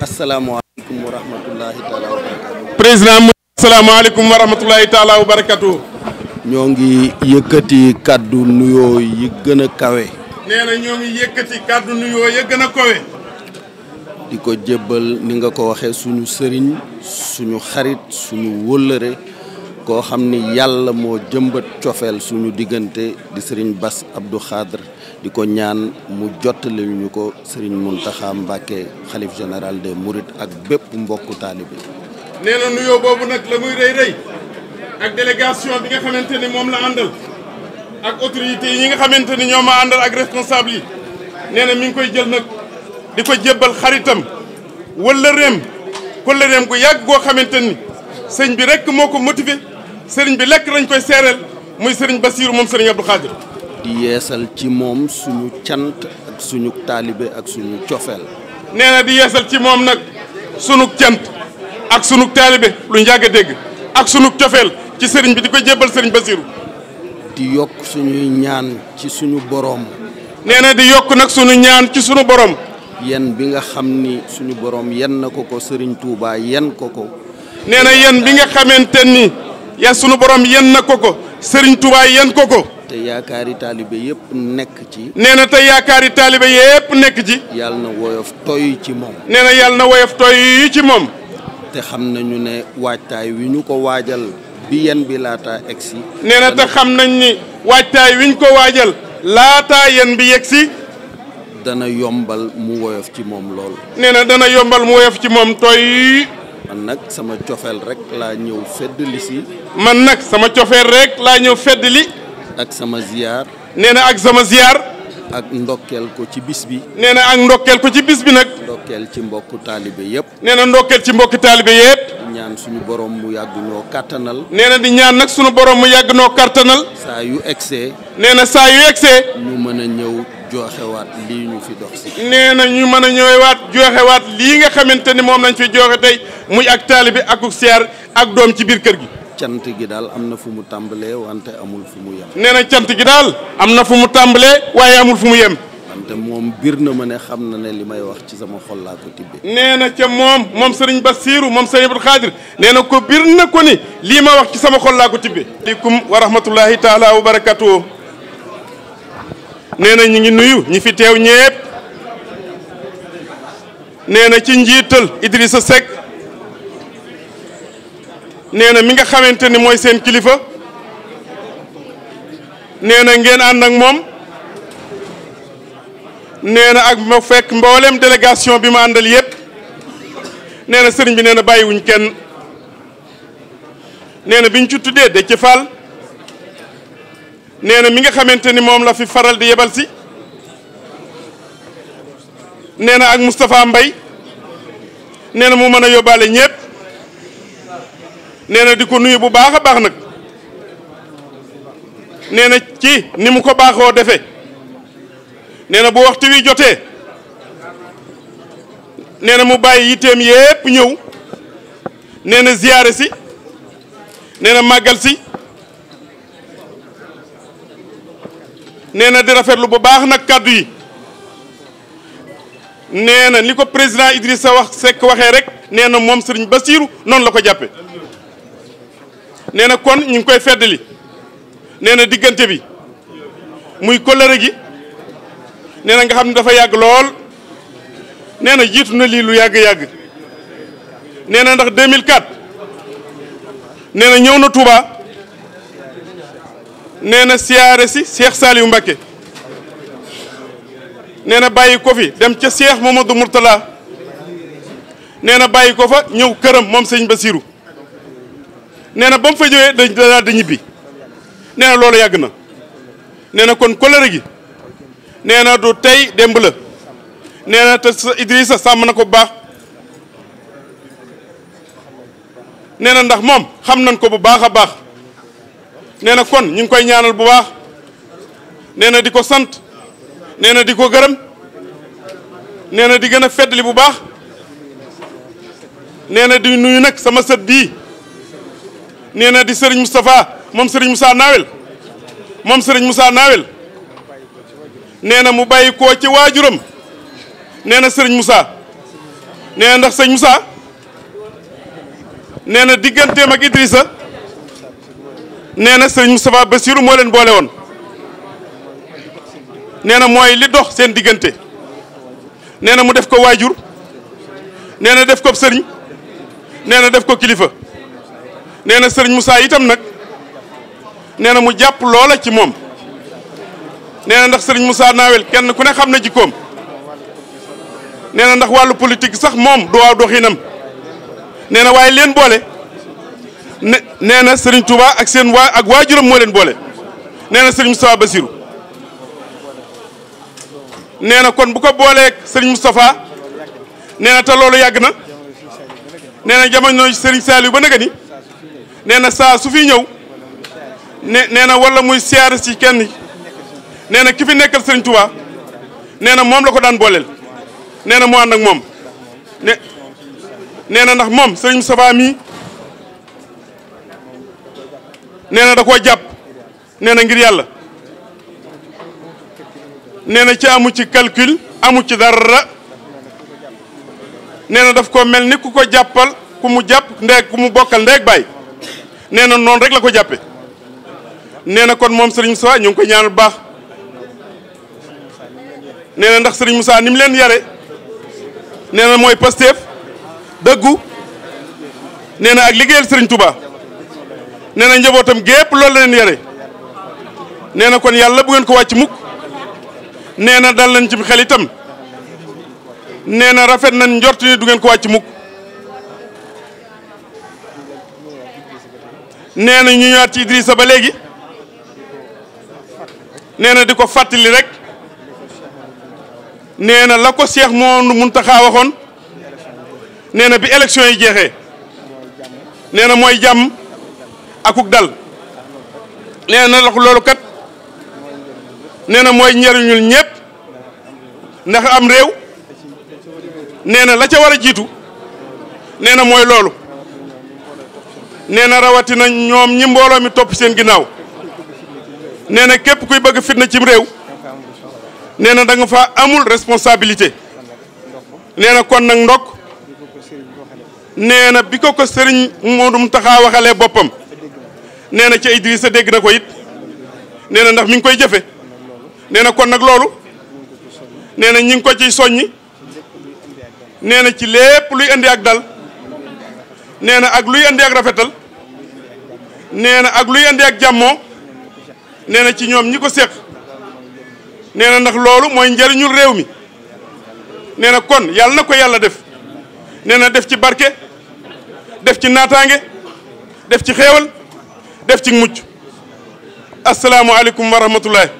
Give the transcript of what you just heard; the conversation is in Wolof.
asalaamaaleykum wa rahmatulahi taala wa barakatu. président mu asalaamaaleykum ñoo ngi yëkkati kàddu nuyoo yi gën a kawe. nee ñoo ngi yëkkati kàddu nuyoo yi gën a kawe. di ko jébbal ni nga ko waxee suñu sëriñ suñu xarit suñu wëllëre koo xam ni yàlla moo jëmbat cofeel suñu diggante di sëriñ Bass Abdou Khadre di ko ñaan mu jot ñu ko Serigne Mountakha Mbacké xalif général des Mourides ak bépp mbokku taalibe. nee na nuyoo boobu nag la muy rëy rëy ak délégation bi nga xamante ni moom la àndal ak autorités yi nga xamante ni ñoo ma àndal ak responsable yi nee na koy jël nag di ko jébbal xaritam wala réem wala réem gu yàgg goo xamante ni sëñ bi rek moo ko motivé sëriñ bi lekk lañ koy seereel muy sëriñ Bassirou moom sëriñ Abdou Khadir. di yeesal ci moom suñu cant ak suñu taalibe ak suñu cofeel nee na di yeesal ci moom nag sunu cant ak sunu taalibe lu njàgg a dégg ak sunu cofeel ci sëriñ bi di ko jébbal sëriñ Basiru di yokk suñuy ñaan ci suñu borom nee na di yokk nag suñu ñaan ci suñu borom yen bi nga xam ni suñu borom yen na ko ko sëriñ Touba yen ko ko nee na yen bi nga xamante ni ya suñu borom yen na ko ko sëriñ Touba yen ko ko te yaakaari taalibe yëpp nekk ci. nee na te yaakaari taalibe yëpp nekk ci. yàlla na woyof toy ci moom. nee na yàlla na woyof toy ci moom. te xam nañu ne waajtaay wi ñu ko waajal bi bi laata egg nee na te xam nañ ni waajtaay wi ko waajal laataa yen bi yegg si. dana yombal mu woyof ci moom lool. nee na dana yombal mu woyof ci moom toy. man nag sama cofeel rek laa ñëw fedd li si. man nag sama cofeel rek laa ñëw fedd li. ak sama ziyaar. nee na ak sama ziyaar. ak ndokkeel ko ci bis bi. nee na ak ndokkeel ko ci bis bi nag. ndokkeel ci mbokku taalibe yëpp. nee na ndokkeel ci mbokku taalibe yëpp. di ñaan suñu borom mu yàgg noo kattanal. nee na di ñaan nag suñu borom mu yàgg noo kattanal. saa yu egsee. nee na saa yu egsee. ñu mën a ñëw jooxewaat lii ñu fi dox si. na ñu mën a ñëwaat jooxewaat lii nga xamante ni moom lañ fi jooxe tey muy ak taalibe ak siyaar ak doom ci biir kër gi. cant gi daal am na fu mu tàmbalee wante amul fu mu yem. nee na cant gi daal am na fu mu tàmbalee waaye amul fu mu yem. wante moom bir na ma ne xam na ne li may wax ci sama xol ko tibbee. nee na ca moom moom sëriñ Bassirou moom sëriñ Abdou nee na ko bir na ko ni lii ma wax ci sama xol laa ko tibbee. aleykum wa rahmatullahi taala wa na ñu ngi nuyu ñi fi teew ñépp. nee na ci njiital Idrissa Seck. nee na mi nga xamante ni mooy seen kilifa nee na ngeen ànd ak moom nee na ak ma fekk mboolem délégation bi ma àndal yépp nee na sëriñ bi nee na bàyyiwuñ kenn nee na biñ ci tuddee de ci faal nee na mi nga xamante ni moom la fi faral di yebal si nee na ak mustafa Mbay nee na mu mën a yóbbaale ñépp nee na di ko nuyu bu baax a baax nag nee na ci ni mu ko baaxoo defee nee na bu waxtu wi jotee nee na mu bàyyi yitteem yépp ñëw nee na ziyaare si nee na màggal si nee na di rafetlu bu baax nag kàddu yi nee na li ko président sa wax Seck waxee rek nee na moom sëriñ Basiiru noonu la ko jàppe nee na kon ñu ngi koy feddali nee na diggante bi muy kóllëre gi nee na nga xam ne dafa yàgg lool nee na jiitu na lii lu yàgg-yàgg nee na ndax 2004 nee na ñëw na Touba nee na siyaare si Cheikh Saliou Mbacké nee na bàyyi ko fi dem ca Cheikh Mamadou Mourtala nee na bàyyi ko fa ñëw këram moom sëñ Basirou nee na ba mu fa jógee dañ daal ñibbi nee loolu yàgg na nee na kon colère gi nee na du tey démb la nee na te sa sàmm na ko bu baax nee na ndax moom xam nañ ko bu baax a baax nee na kon ñu ngi koy ñaanal bu baax nee na di ko sant nee na di ko gërëm nee na di gën a feddali bu baax nee na di nuyu nag sama sët bii nee na di Serigne Moustapha moom Serigne Moussa Nawel moom Serigne Moussa Nawel nee na mu bàyyi koo ci waajuram nee na sëriñ mussa nee ndax sëñ Moussa nee na digganteem ak Idrissa nee na Serigne Moustapha Bassirou moo leen boole woon nee na mooy li dox seen diggante nee na mu def ko waajur nee na def ko sëriñ nee na def ko kilifa. nee na sëriñ Moussa itam nag nee na mu jàpp loola ci moom nee na ndax sëriñ Moussa naawel kenn ku ne xam na jikkoom nee na ndax wàllu politique sax moom du waaw doxinam nee na waaye leen boole ne nee na sëriñ Touba ak seen waa ak waajuram moo leen boole nee na sëriñ Moustapha Bassirou nee na kon bu ko booleeg sëriñ Moustapha nee na loolu yàgg na nee na jamono sëriñ Saliou ba naga nee na saa su fi ñëw ne nee na wala muy siyaare si kenn nee na ki fi nekkal sëriñ Touba nee na moom la ko daan booleel nee na mu ànd moom ne nee na ndax moom sëriñ Moustapha mii nee na da koo jàpp nee na ngir yàlla nee na ci amu ci calcul amu ci dara nee na daf ko mel ni ku ko jàppal ku mu jàpp ndeeg ku mu bokkal ndeeg bàyyi nee na noonu rek la ko jàppe nee na kon moom Serigne Moussa ñu ngi koy ñaanal baax neena ndax sëriñ Moussa ni leen yare nee na mooy Pastef dëggu nee na ak liggéeyal Serigne Touba nee na njabootam gépp loolu leen yare nee na kon yàlla bu ngeen ko wàcc mukk nee na dal nañ ci xel na rafet nañ njort ni du ngeen ko wàcc mukk nee ñu ñëwaat ci Idrissa ba léegi nee diko di ko rek nee la ko Cheikh Mouhamadou Mountakha waxon nee bi election yi jexé nee moy jam akuk dal la ko lolu kat nee moy mooy ñepp ndax am rew nee la ca wara a jiitu moy lolu nee na rawatina ñoom ñi mbooloo mi topp seen ginnaaw nee na képp kuy bëgg fitna cim réew nee na da nga fa amul responsabilité nee na kon nag ndokk nee na bi ko ko sëriñ moodum taxaa waxalee boppam nee na ci Idrissa dégg na ko it nee na ndax mi ngi koy jëfe nee na kon nag loolu nee na ñi ngi ko ciy soññi nee na ci lépp luy indi ak dal nee na ak luy indi ak rafetal nee na ak luy andi ak jàmmoo nee na ci ñoom ñi ko séq nee na ndax loolu mooy njëriñul réew mi nee na kon yàlla na ko yàlla def nee na def ci barke def ci naataange def ci xéewal def ci mucc asalaamualeykum wa rahmatullahi